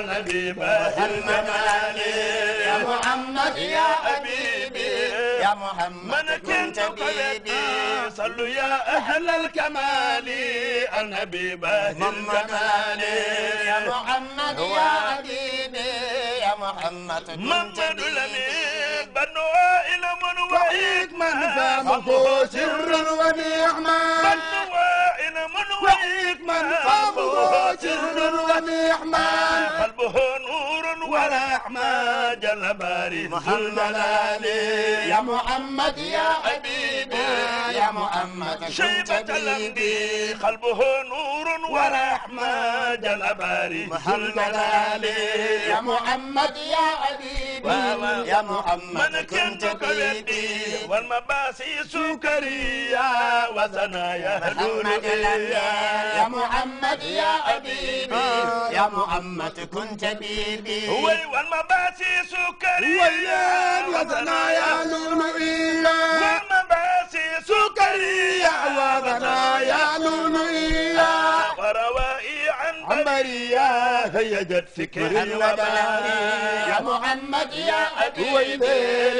النبي محمد علي يا محمد يا حبيبي يا محمد من كنت طبيبي صلوا يا أهل الكمال النبي محمد علي يا محمد يا حبيبي يا محمد محمد الأمير بنو إلى من وحيك من فهمه سر ونعمة طريق من قلبه جهل ونعمان قلبه نور ورحمة جل باري محمد علي يا محمد يا حبيب محمد شيبة الأنبي قلبه نور ورحمة الأباري محمد علي يا محمد يا حبيبي آه. يا محمد كنت سكري والمباسيس كريا وزنايا محمد يا محمد يا حبيبي يا محمد كنت بيبي والمباسيس كريا وزنايا نور إلا بريا وبنايا نونيا وروائي عن هيجت هي جد يا محمد يا أبي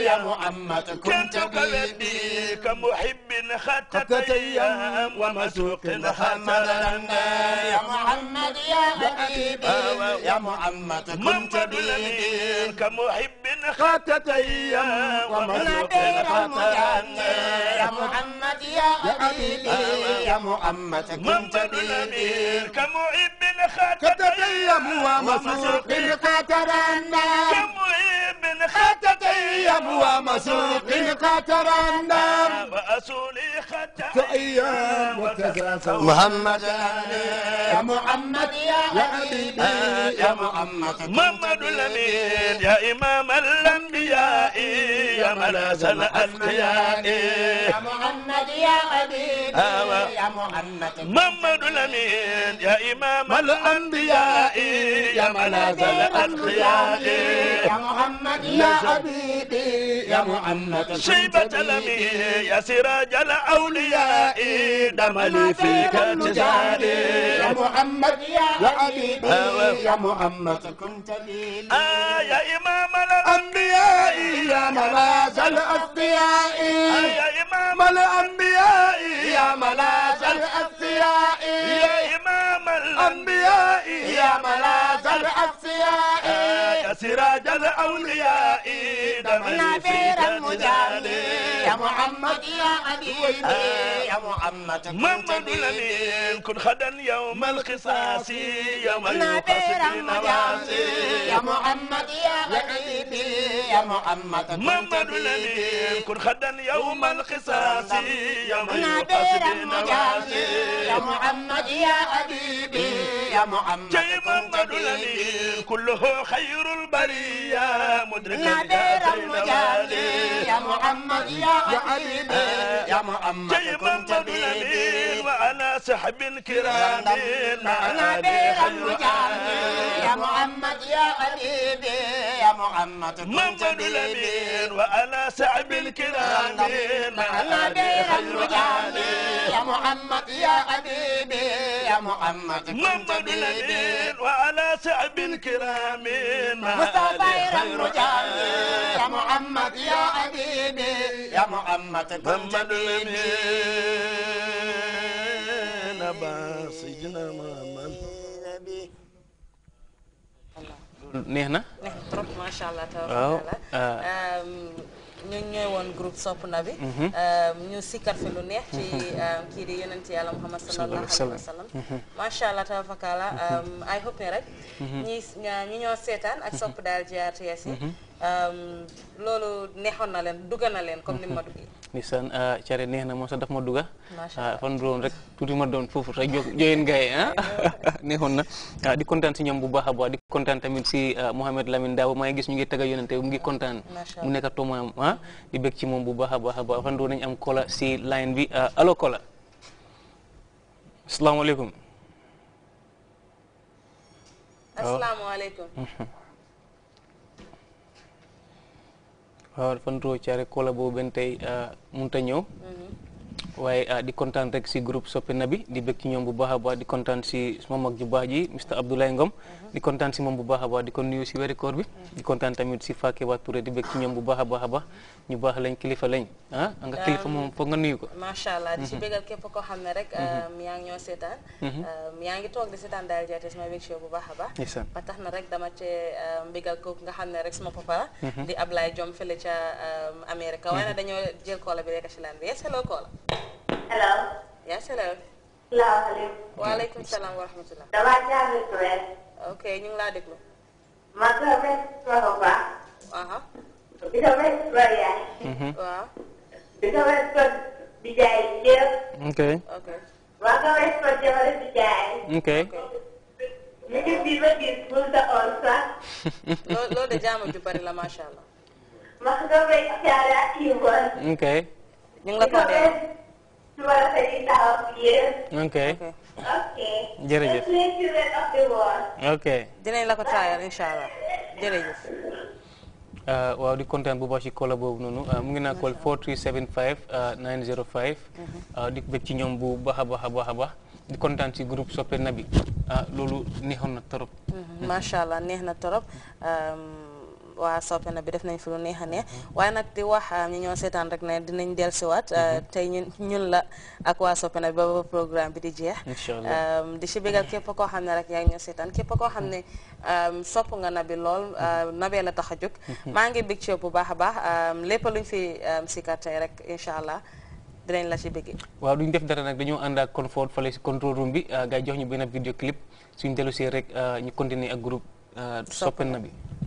يا محمد كنت قلبي كمحب خطت أيام ومسوق حملا يا محمد يا حبيبي آه، آه، يا آه. محمد كنت بي كمحب خطتي يا محمد يا حبيبي يا محمد كنت بالأمير كمحب الخطتي ومسلك الخطتي خطت ايام ومسوقي قطر النار واسولي خطت ايام وتزلزل محمد يا محمد يا حبيبي آه، يا محمد محمد الامين يا امام الانبياء يا ملاذ الاتقياء يا محمد يا حبيبي يا محمد محمد الامين يا امام الانبياء يا ملاذ الاتقياء يا محمد يا حبيبي يا محمد شيبة لمي يا سراج الأولياء دملي فيك تجاري يا محمد يا حبيبي يا محمد كنت لي آه يا إمام الأنبياء يا ملاذ الأصفياء آه يا إمام الأنبياء يا ملاذ الأصفياء يا الأنبياء يا ملاذ الأصفياء آه، يا سراج الأولياء دمعي في المجالين يا محمد يا حبيبي يا محمد محمد الأمين كن خدا يوم القصاص يوم المقصدين راسي يا محمد يا حبيبي يا محمد محمد الأمين كن خدا يوم القصاص يوم المقصدين راسي يا محمد يا حبيبي يا محمد جاي محمد الأمين كله خير البرية مدرك يا محمد يا يا حبيبي يا محمد جاي محمد وعلى سحب كرام معنا بيغ المجامل يا محمد يا حبيبي يا محمد محمد الامين وعلى سحب الكرام معنا بيغ المجامل يا محمد يا حبيبي يا محمد محمد الامين وعلى سحب الكرام معنا بيغ المجامل يا محمد يا حبيبي يا محمد محمد neex na neex na trop macha allah tabaraka allah euh, euh, ñu ñëwoon groupe sopp na bi mhm. euh, ñu sikkar fi lu neex ci mhm. kii di yonent yàlla muhammad sallallahu alayhi wa sallam mhm. macha allah tabaraka allah um, hope ne rek ñi ñoo seetaan ak sopp daal jiyaatu yees yi loolu neexoon na leen dugga na leen comme ni ma duggee ndeysaan ah, cere neex na moom sax daf ma dugga ah, fan doon rek tuuti ma doon foofu sax joyeen gaye ah neexoon na ah, di kontaan si ñoom bu baax a di kontaan tamit si Mohamed Lamine Dabo maa ngi gis ñu ngi tagga yonente mu ngi kontaan mu nekk tomaam ah di bég ci moom bu baax a baax a baax nañ am kola si line bi allo kola asalaamaaleykum asalaamaaleykum dafa rëcc rek kola boobu benn tey euh, uh, di contente rek si groupe soppe nabi di bekk ñom bu baax baax di contente si suma mag ju baax ji Mr Abdoulaye Ngom mhm. di contente si mom bu baax baax di ko nuyu si weeri koor bi di contente tamit si faké Wa Touré di bekk ñom bu baax a baax baax ñu baax lañ kilifa lañ ah nga kilifa mom fo nga nuyu ko sha allah di ci bégal képp ko xamné ne rek yaa ngi ñoo seetaan yaa ngi toog di dal daal sama bekk ci bu baax a baax ba taxna rek dama ci mbégal ko nga xamné rek sama papa mhm. di Ablaye Jom fële ca Amérique mhm. wala dañoo jël koola bi rek ci lan bi yes hello koola Hello. Yes, hello. salaamaaleykum. waaleykum salaam wa rahmatulah. damaa Oke, Touré. ok ñu ngi laa déglu. maa ngi lay wax Touré bu baax. Ya? Mhm. Ya? Oke. Oke. nga wax Touré yaay. Oke. bi nga kan wax Touré bi jaay yëpp. ok. ok. maa ngi wax Touré jamono bi jaay. ok. mi ngi bii ba gis mu sa on sax. loo loo jaamu ju bari la macha allah. maa ngi ya, wax Oke. Imbol. ok. ñu ngi la ko dee. ok jërëjëf ok dinañ la ko taayal incha allah jërëjëf uh, waaw di kontaan bu baax ci kola boobu noonu uh, mu ngi naa call 4375 905 uh, mhm. di bëgg ci ñoom bu baax a baax a baax a baax di kontaan ci groupe soppe nabi loolu neexoon na torop macha mhm. allah neex na torop um, waa soppena bi def nañ fi lu neex a ya. neex mhm. waaye di wax ñu ah, ñoo sétan rek né dinañ ci wat tay ñun la ak wa soppena bi ba programme bi di jeex di ci bégal képp ko xamné rek yaa ñu sétan képp ko xamné euh sopp nga nabi lool mhm. ah, nabee la taxajuk mhm. ma ngi bég ci bu baax a baax lépp luñ fi sikar tey rek inshallah dinañ la ci bëggé waaw duñ def dara nak dañu ànd ak confort fale ci control room bi ah, gaay jox ñu bëna vidéo clip suñ dellu ci rek ñu continuer ak groupe soppen bi